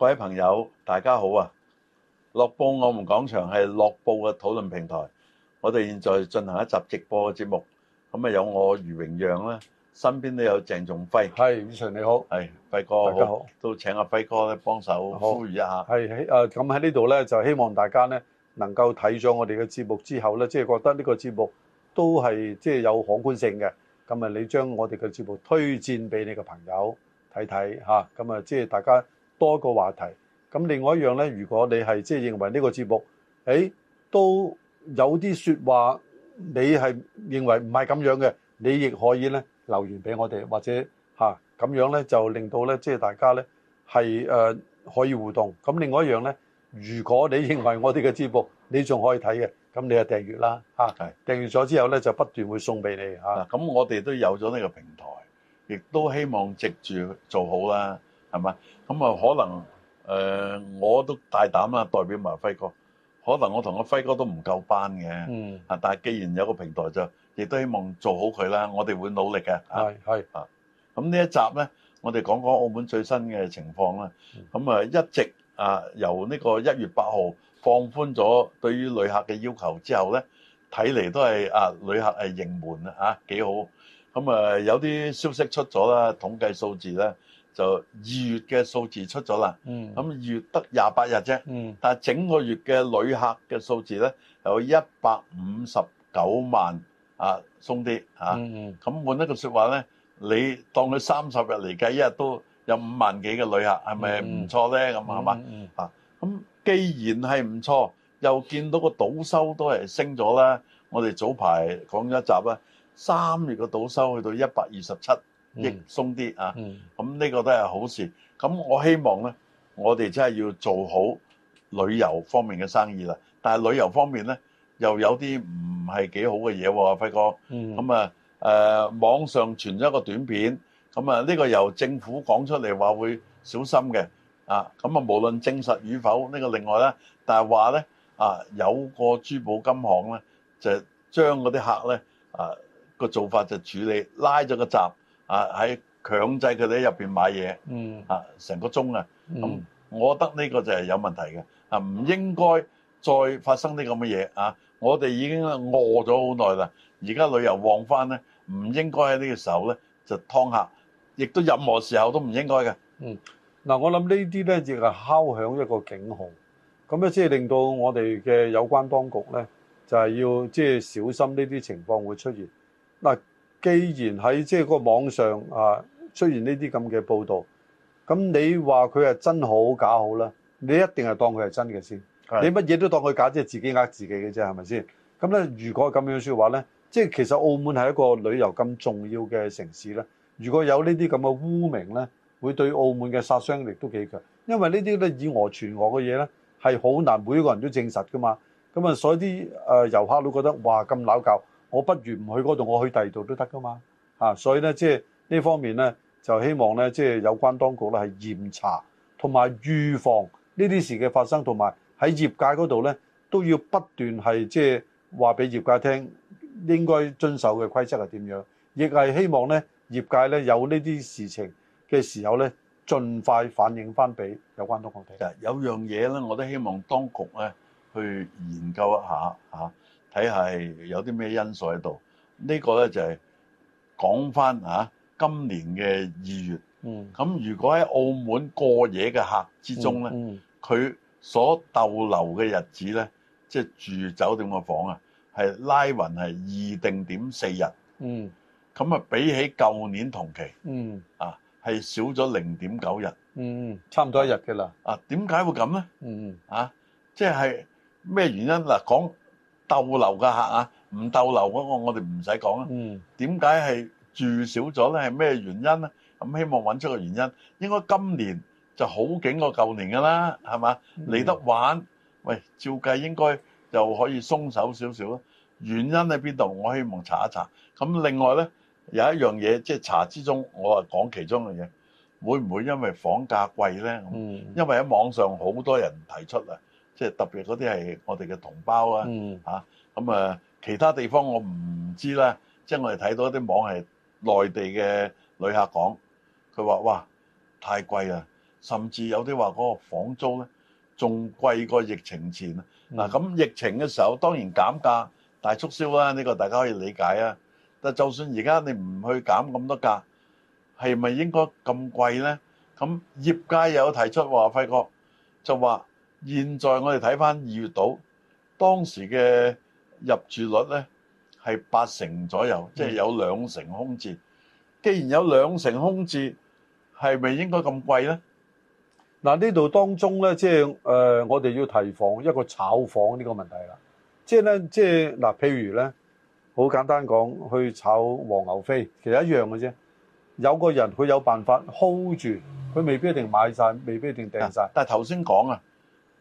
各位朋友，大家好啊！樂報我們講場係樂報嘅討論平台，我哋現在進行一集直播嘅節目。咁啊，有我余榮讓啦，身邊都有鄭仲輝。係，主席你好。係輝哥好，大家好都請阿輝哥咧幫手呼籲一下。係，咁喺呢度咧就希望大家咧能夠睇咗我哋嘅節目之後咧，即係覺得呢個節目都係即係有可觀性嘅。咁啊，你將我哋嘅節目推薦俾你嘅朋友睇睇嚇。咁啊，即係大家，多個話題，咁另外一樣呢，如果你係即係認為呢個節目、欸，都有啲說話你，你係認為唔係咁樣嘅，你亦可以呢留言俾我哋，或者嚇咁、啊、樣呢，就令到呢即係大家呢係、呃、可以互動。咁另外一樣呢，如果你認為我哋嘅節目你仲可以睇嘅，咁你就訂閱啦嚇、啊，訂閱咗之後呢，就不斷會送俾你嚇。咁、啊、我哋都有咗呢個平台，亦都希望藉住做好啦。係嘛咁啊？可能誒、呃，我都大膽啦，代表埋輝哥。可能我同阿輝哥都唔夠班嘅，嗯啊，但係既然有個平台就，亦都希望做好佢啦。我哋會努力嘅，係係啊。咁呢一集呢，我哋講講澳門最新嘅情況啦。咁、嗯、啊，一直啊由呢個一月八號放寬咗對於旅客嘅要求之後呢，睇嚟都係啊旅客係盈門啊，幾好。咁啊有啲消息出咗啦，統計數字呢。就二月嘅數字出咗啦，咁、嗯、二月得廿八日啫，但係整個月嘅旅客嘅數字咧有一百五十九萬，啊，鬆啲嚇，咁、啊嗯、換一個説話咧，你當佢三十日嚟計，一日都有五萬幾嘅旅客，係咪唔錯咧？咁、嗯、係嘛、嗯嗯？啊，咁既然係唔錯，又見到個賭收都係升咗啦。我哋早排講咗一集啦，三月嘅賭收去到一百二十七。亦鬆啲啊！咁呢個都係好事。咁我希望呢，我哋真係要做好旅遊方面嘅生意啦。但係旅遊方面呢，又有啲唔係幾好嘅嘢喎，輝哥。咁啊、呃，網上傳咗一個短片，咁啊呢個由政府講出嚟話會小心嘅啊。咁啊，無論證實與否呢、呢個另外呢，但係話呢，啊，有個珠寶金行呢，就係將嗰啲客呢啊個做法就處理拉咗個閘。嗯、啊！喺強制佢哋喺入面買嘢，啊成個鐘啊！咁我覺得呢個就係有問題嘅，啊唔應該再發生啲咁嘅嘢啊！我哋已經餓咗好耐啦，而家旅遊旺翻咧，唔應該喺呢個時候咧就劏客，亦都任何時候都唔應該嘅。嗯，嗱我諗呢啲咧亦係敲響一個警號，咁咧即係令到我哋嘅有關當局咧就係、係、要即係、就係、小心呢啲情況會出現。嗱。既然喺即係嗰個網上啊，出現呢啲咁嘅報道，咁你話佢係真好假好啦，你一定係當佢係真嘅先，你乜嘢都當佢假，即係自己呃自己嘅啫，係咪先？咁咧，如果咁樣說話咧，即係其實澳門係一個旅遊咁重要嘅城市咧，如果有呢啲咁嘅污名咧，會對澳門嘅殺傷力都幾強，因為呢啲咧以訛傳訛嘅嘢咧，係好難每一個人都證實噶嘛。咁啊，所以啲誒遊客都覺得哇咁鬧教我不如唔去嗰度，我去第二度都得噶嘛、啊。所以咧，即係呢方面咧，就希望咧，即係有關當局咧係嚴查同埋預防呢啲事嘅發生，同埋喺業界嗰度咧都要不斷係即係話俾業界聽應該遵守嘅規則係點樣，亦係希望咧業界咧有呢啲事情嘅時候咧，盡快反映翻俾有關當局睇。有樣嘢咧，我都希望當局咧去研究一下吓。睇下有啲咩因素喺度？呢個咧就係講返吓今年嘅二月。嗯，咁如果喺澳門過夜嘅客之中咧，佢所逗留嘅日子咧，即係住酒店嘅房啊，係拉勻係二定點四日。嗯，咁啊比起舊年同期，嗯，啊係少咗零點九日。嗯，差唔多一日嘅啦。啊，點解會咁咧？嗯，啊，即係咩原因嗱？講逗留嘅客啊，唔逗留嗰個我哋唔使講啊。點解係住少咗咧？係咩原因咧？咁希望揾出個原因。應該今年就好景過舊年㗎啦，係嘛？嚟得玩，喂，照計應該就可以鬆手少少啦。原因喺邊度？我希望查一查。咁另外咧，有一樣嘢，即係查之中，我係講其中嘅嘢，會唔會因為房價貴咧？因為喺網上好多人提出啊。即係特別嗰啲係我哋嘅同胞啊、嗯，咁啊！其他地方我唔知啦。即、就、係、是、我哋睇到一啲網係內地嘅旅客講，佢話哇太貴啦，甚至有啲話嗰個房租咧仲貴過疫情前、嗯、啊！嗱咁疫情嘅時候當然減價大促銷啦，呢、這個大家可以理解啊。但就算而家你唔去減咁多價，係咪應該咁貴咧？咁業界有提出話輝哥就話。現在我哋睇翻二月度當時嘅入住率咧，係八成左右，即係有兩成空置。既然有兩成空置，係咪應該咁貴咧？嗱、啊，呢度當中咧，即係誒，我哋要提防一個炒房呢個問題啦。即係咧，即係嗱，譬如咧，好簡單講，去炒黃牛飛，其實一樣嘅啫。有個人佢有辦法 hold 住，佢未必一定買晒，未必一定訂晒、啊。但係頭先講啊。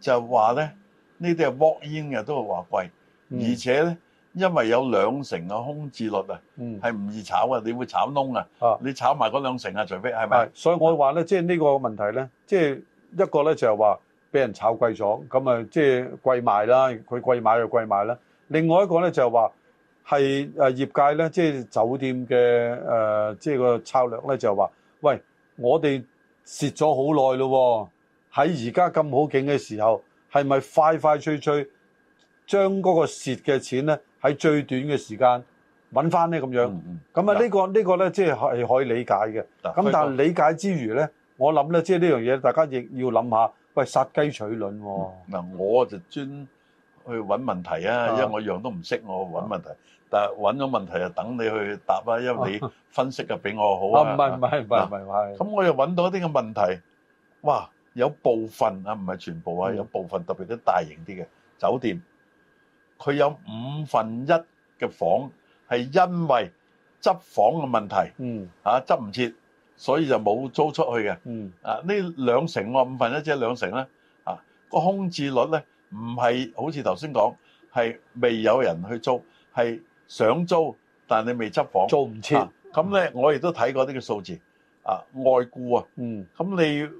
就係話咧，呢啲係 walk in 嘅，都係話貴，嗯、而且咧，因為有兩成嘅空置率啊，係、嗯、唔易炒呀。你會炒窿啊，你炒埋嗰兩成啊，除非係咪？所以我話咧，即係呢個問題咧，即係一個咧就係話俾人炒貴咗，咁啊即係貴賣啦，佢貴買就貴賣啦。另外一個咧就係話係誒業界咧，即係酒店嘅誒即係個策略咧就係話，喂，我哋蝕咗好耐咯喎。喺而家咁好景嘅時候，係咪快快脆脆將嗰個蝕嘅錢咧，喺最短嘅時間揾翻咧咁樣？咁、嗯、啊，呢、嗯這個呢、嗯這個咧，即係係可以理解嘅。咁、嗯、但係理解之餘咧、嗯，我諗咧，即係呢樣嘢，大家亦要諗下，喂，殺雞取卵喎、哦。嗱、嗯，我就專去揾問題啊，因為我樣都唔識，我揾問題。但係揾咗問題就等你去答啦，因為你分析就比我好啊。唔係唔係唔係唔係，咁、啊、我又揾到一啲嘅問題，哇！有部分啊，唔係全部啊，有部分特別啲大型啲嘅酒店，佢有五分一嘅房係因為執房嘅問題，嗯，啊執唔切，所以就冇租出去嘅，嗯，啊呢兩成啊，五分一即係兩成啦，啊個空置率咧唔係好似頭先講係未有人去租，係想租但你未執房，租唔切，咁咧我亦都睇過啲嘅數字，啊外僱啊，嗯，咁你。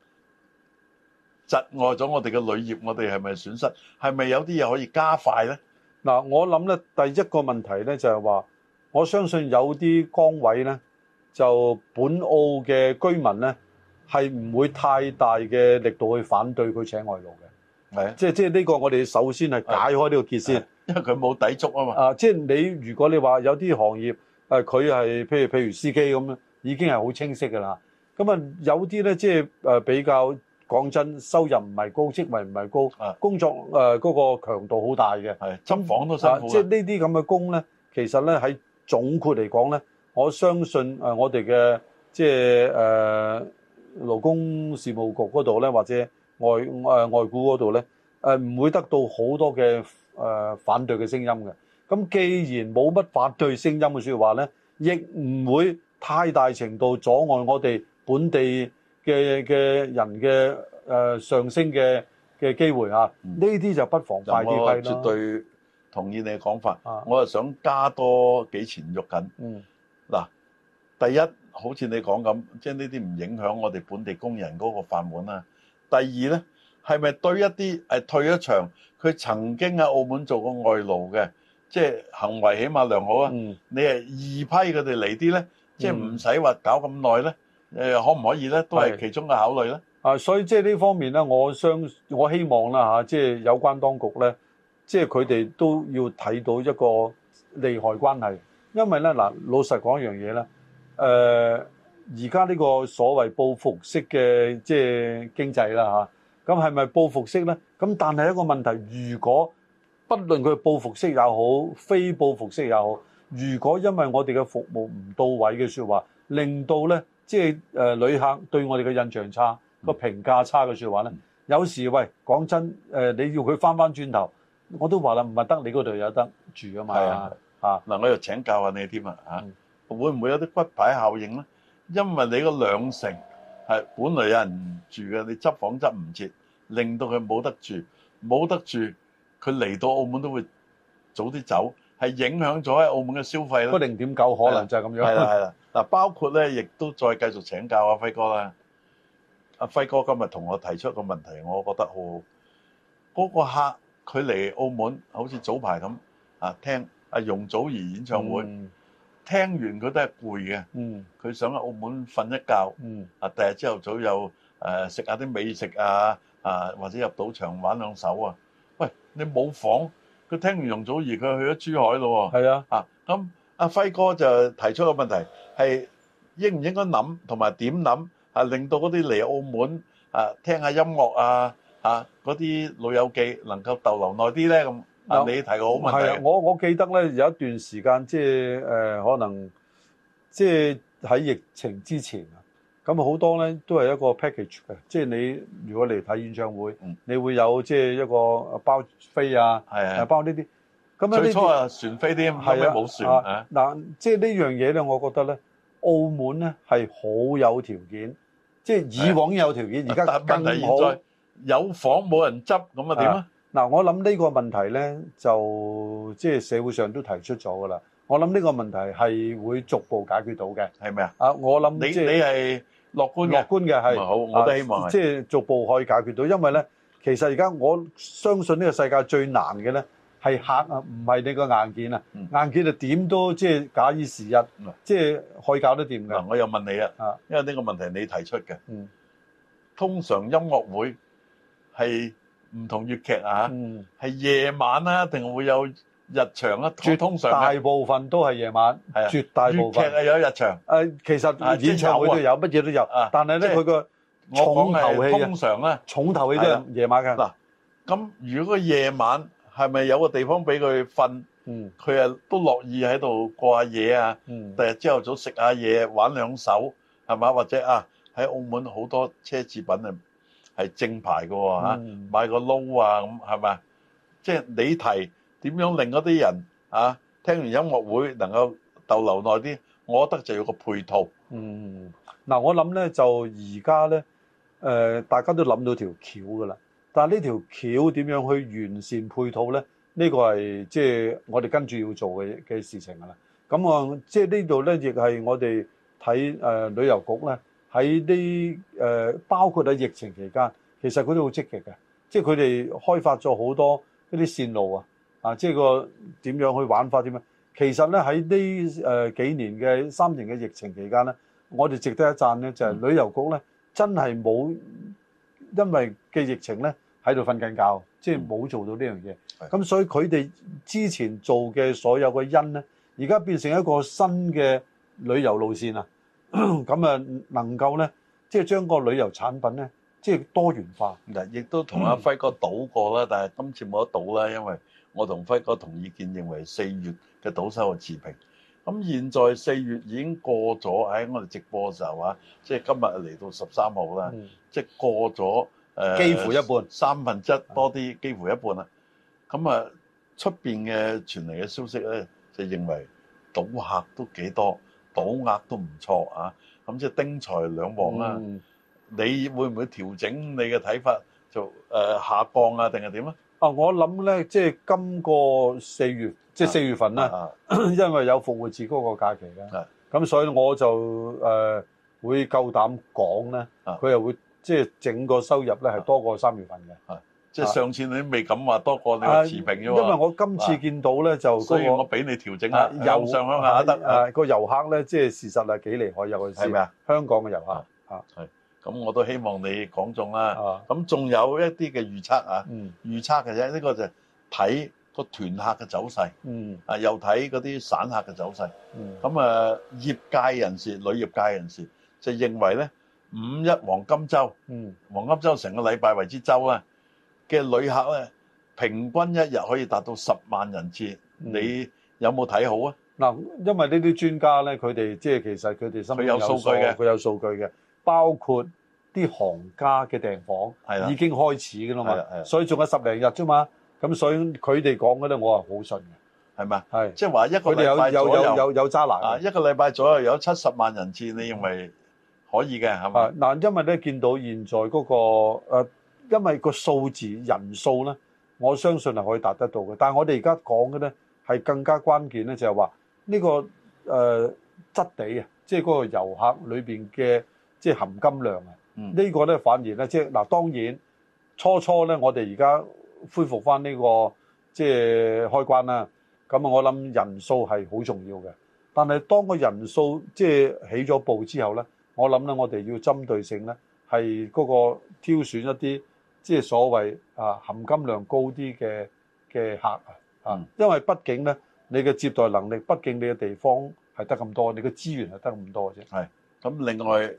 窒礙咗我哋嘅旅業，我哋係咪損失？係咪有啲嘢可以加快咧？嗱，我諗咧，第一個問題咧就係、是、話我相信有啲崗位咧，就本澳嘅居民咧，係唔會太大嘅力度去反對佢請外勞嘅。係啊，即係即係呢個，我哋首先係解開呢個結先、啊，因為佢冇抵觸啊嘛。啊，即係你如果你話有啲行業，誒佢係譬如譬如司機咁樣，已經係好清晰噶啦。咁啊，有啲咧即係誒、呃、比較。講真，收入唔係高，職位唔係高，工作誒嗰個強度好大嘅。針房都辛苦。即係呢啲咁嘅工咧，其實咧喺總括嚟講咧，我相信誒我哋嘅即係誒勞工事務局嗰度咧，或者外誒外僱嗰度咧，誒唔會得到好多嘅誒反對嘅聲音嘅。咁既然冇乜反對聲音嘅説話咧，亦唔會太大程度阻礙我哋本地嘅嘅人嘅誒、呃、上升嘅嘅機會啊，呢、嗯、啲就不妨快啲批啦。我絕對同意你嘅講法。啊、我係想加多幾錢肉緊。嗱、嗯，第一好似你講咁，即係呢啲唔影響我哋本地工人嗰個飯碗啊。第二咧，係咪對一啲係退咗場，佢曾經喺澳門做過外勞嘅，即、就、係、是、行為起碼良好啊？嗯、你係二批佢哋嚟啲咧，即係唔使話搞咁耐咧。嗯呢誒，可唔可以呢都係其中嘅考慮呢啊，所以即係呢方面呢，我相我希望啦吓，即係有關當局呢，即係佢哋都要睇到一個利害關係。因為呢，嗱、啊，老實講一樣嘢呢誒，而家呢個所謂報復式嘅即係經濟啦吓，咁係咪報復式呢？咁但係一個問題，如果不論佢報復式又好，非報復式又好，如果因為我哋嘅服務唔到位嘅說話，令到呢即係誒、呃、旅客對我哋嘅印象差，個、嗯、評價差嘅説話咧、嗯，有時喂講真誒、呃，你要佢翻翻轉頭，我都話啦，唔係得你嗰度有得住啊嘛，係啊，嗱、啊啊、我又請教下你添啊嚇、啊嗯，會唔會有啲骨牌效應咧？因為你個兩成係本來有人住嘅，你執房執唔切，令到佢冇得住，冇得住，佢嚟到澳門都會早啲走。係影響咗喺澳門嘅消費咯，個零點九可能就係咁樣。係啦係啦，嗱，包括咧，亦都再繼續請教阿輝哥啦，阿輝哥今日同我提出個問題，我覺得好，嗰個客佢嚟澳門，好似早排咁啊，聽阿容祖兒演唱會，聽完佢都係攰嘅，嗯，佢想喺澳門瞓一覺，嗯，啊第日朝頭早又誒食下啲美食啊，啊或者入賭場玩兩手啊，喂你冇房？佢聽完容祖兒，佢去咗珠海咯喎。係啊，啊咁阿輝哥就提出個問題，係應唔應該諗同埋點諗，啊令到嗰啲嚟澳門啊聽下音樂啊，啊嗰啲老友記能夠逗留耐啲咧咁。啊，你提個好問題。係啊，我我記得咧有一段時間即係誒可能即係喺疫情之前。咁好多咧，都係一個 package 嘅，即係你如果嚟睇演唱會，嗯、你會有即係一個包飛啊，啊包呢啲。咁啊，最初啊船飛啲，咁啊冇船啊。嗱、啊啊，即係呢樣嘢咧，我覺得咧，澳門咧係好有條件，即係以往有條件，而家更好，現在有房冇人執，咁啊點啊？嗱、啊，我諗呢個問題咧，就即係社會上都提出咗噶啦。我諗呢個問題係會逐步解決到嘅，係咪啊？啊，我諗你即你係樂觀樂觀嘅係，好我都希望，即、啊、係、就是、逐步可以解決到。因為咧，其實而家我相信呢個世界最難嘅咧係客啊，唔係你個硬件啊、嗯，硬件就點都即係、就是、假以時日，即、嗯、係、就是、可以搞得掂㗎、嗯。我又問你啦，因為呢個問題你提出嘅、嗯。通常音樂會係唔同粵劇啊，係、嗯、夜晚啦、啊，定會有。日場一，最通常嘅大部分都係夜晚，絕大部分係有日場。誒，其實演唱會都有，乜嘢都有。但係咧，佢個重頭戲通常咧，重頭戲都係夜晚㗎。嗱，咁如果個夜晚係咪有個地方俾佢瞓？嗯，佢係都樂意喺度過下夜啊。嗯，第日朝頭早食下嘢，玩兩手係嘛？或者啊，喺澳門好多奢侈品係係正牌㗎喎嚇，買個褸啊咁係咪？即係你提。點樣令嗰啲人啊聽完音樂會能夠逗留耐啲？我覺得就有個配套。嗯，嗱、嗯，我諗咧就而家咧，誒、呃、大家都諗到條橋噶啦。但係呢條橋點樣去完善配套咧？呢、這個係即係我哋跟住要做嘅嘅事情噶啦。咁、啊就是、我即係呢度咧，亦係我哋睇誒旅遊局咧喺呢誒、呃、包括喺疫情期間，其實佢都好積極嘅，即係佢哋開發咗好多一啲線路啊。啊，即係個點樣去玩法點樣？其實咧喺呢誒幾年嘅三年嘅疫情期間咧，我哋值得一讚咧，就係旅遊局咧真係冇因為嘅疫情咧喺度瞓緊覺，即係冇做到呢樣嘢。咁所以佢哋之前做嘅所有嘅因咧，而家變成一個新嘅旅遊路線啊！咁啊，能夠咧即係將個旅遊產品咧即係多元化。嗱，亦都同阿輝哥賭過啦，但係今次冇得賭啦，因為。我同輝哥同意見，認為四月嘅賭收係持平。咁現在四月已經過咗，喺我哋直播嘅時候啊，即係今日嚟到十三號啦，即係過咗誒，幾乎一半，三分之一多啲，幾乎一半啊。咁啊，出邊嘅傳嚟嘅消息咧，就認為賭客都幾多，賭額都唔錯啊。咁即係丁財兩旺啦。你會唔會調整你嘅睇法，就誒下降啊，定係點啊？啊，我諗咧，即係今個四月，即係四月份咧，因為有復活節嗰個假期咧，咁所以我就誒會夠膽講咧，佢又會即係整個收入咧係多過三月份嘅，即係上次你未敢話多過你持平啫喎，因為我今次見到咧就，所以我俾你調整下，由上向下，誒個遊客咧，即係事實係幾厲害，有陣時啊，香港嘅遊客啊，係。咁我都希望你講中啦。咁、啊、仲有一啲嘅預測啊，嗯、預測嘅啫。呢個就睇個團客嘅走勢，啊、嗯、又睇嗰啲散客嘅走勢。咁、嗯、啊，業界人士、旅業界人士就認為咧，五一黃金週、嗯，黃金週成個禮拜為之週啊嘅旅客咧，平均一日可以達到十萬人次。嗯、你有冇睇好啊？嗱，因為呢啲專家咧，佢哋即係其實佢哋身邊有數據嘅，佢有數據嘅。包括啲行家嘅訂房係啦，已經開始噶啦嘛，所以仲有十零日啫嘛。咁所以佢哋講嘅咧，我係好信嘅，係咪？係即係話一個禮拜左右有揸難啊！一個禮拜左右有七十萬人次，你認為可以嘅係咪？嗱、啊，因為咧見到現在嗰、嗰個、呃、因為嗰個數字人數咧，我相信係可以達得到嘅。但係我哋而家講嘅咧係更加關鍵咧，就係話呢個誒質、呃、地啊，即係嗰個遊客裏邊嘅。即係含金量啊！呢、這個咧反而咧，即係嗱，當然初初咧，我哋而家恢復返呢個即係開關啦。咁啊，我諗人數係好重要嘅。但係當個人數即係起咗步之後咧，我諗咧，我哋要針對性咧，係嗰個挑選一啲即係所謂啊含金量高啲嘅嘅客啊。嗯、因為畢竟咧，你嘅接待能力，畢竟你嘅地方係得咁多，你嘅資源係得咁多啫。係咁，另外。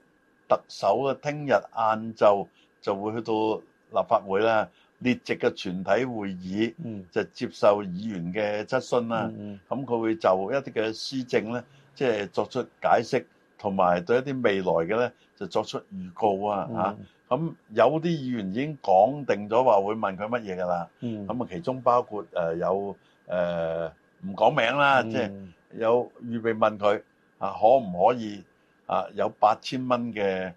特首啊，聽日晏晝就會去到立法會啦，列席嘅全體會議，嗯，就接受議員嘅質詢啦。嗯，咁佢會就一啲嘅施政咧，即係作出解釋，同埋對一啲未來嘅咧，就作出預告啊。嚇，咁有啲議員已經講定咗話會問佢乜嘢㗎啦。嗯，咁啊，其中包括誒有誒唔講名啦，即係有預備問佢啊，可唔可以？啊！有八千蚊嘅。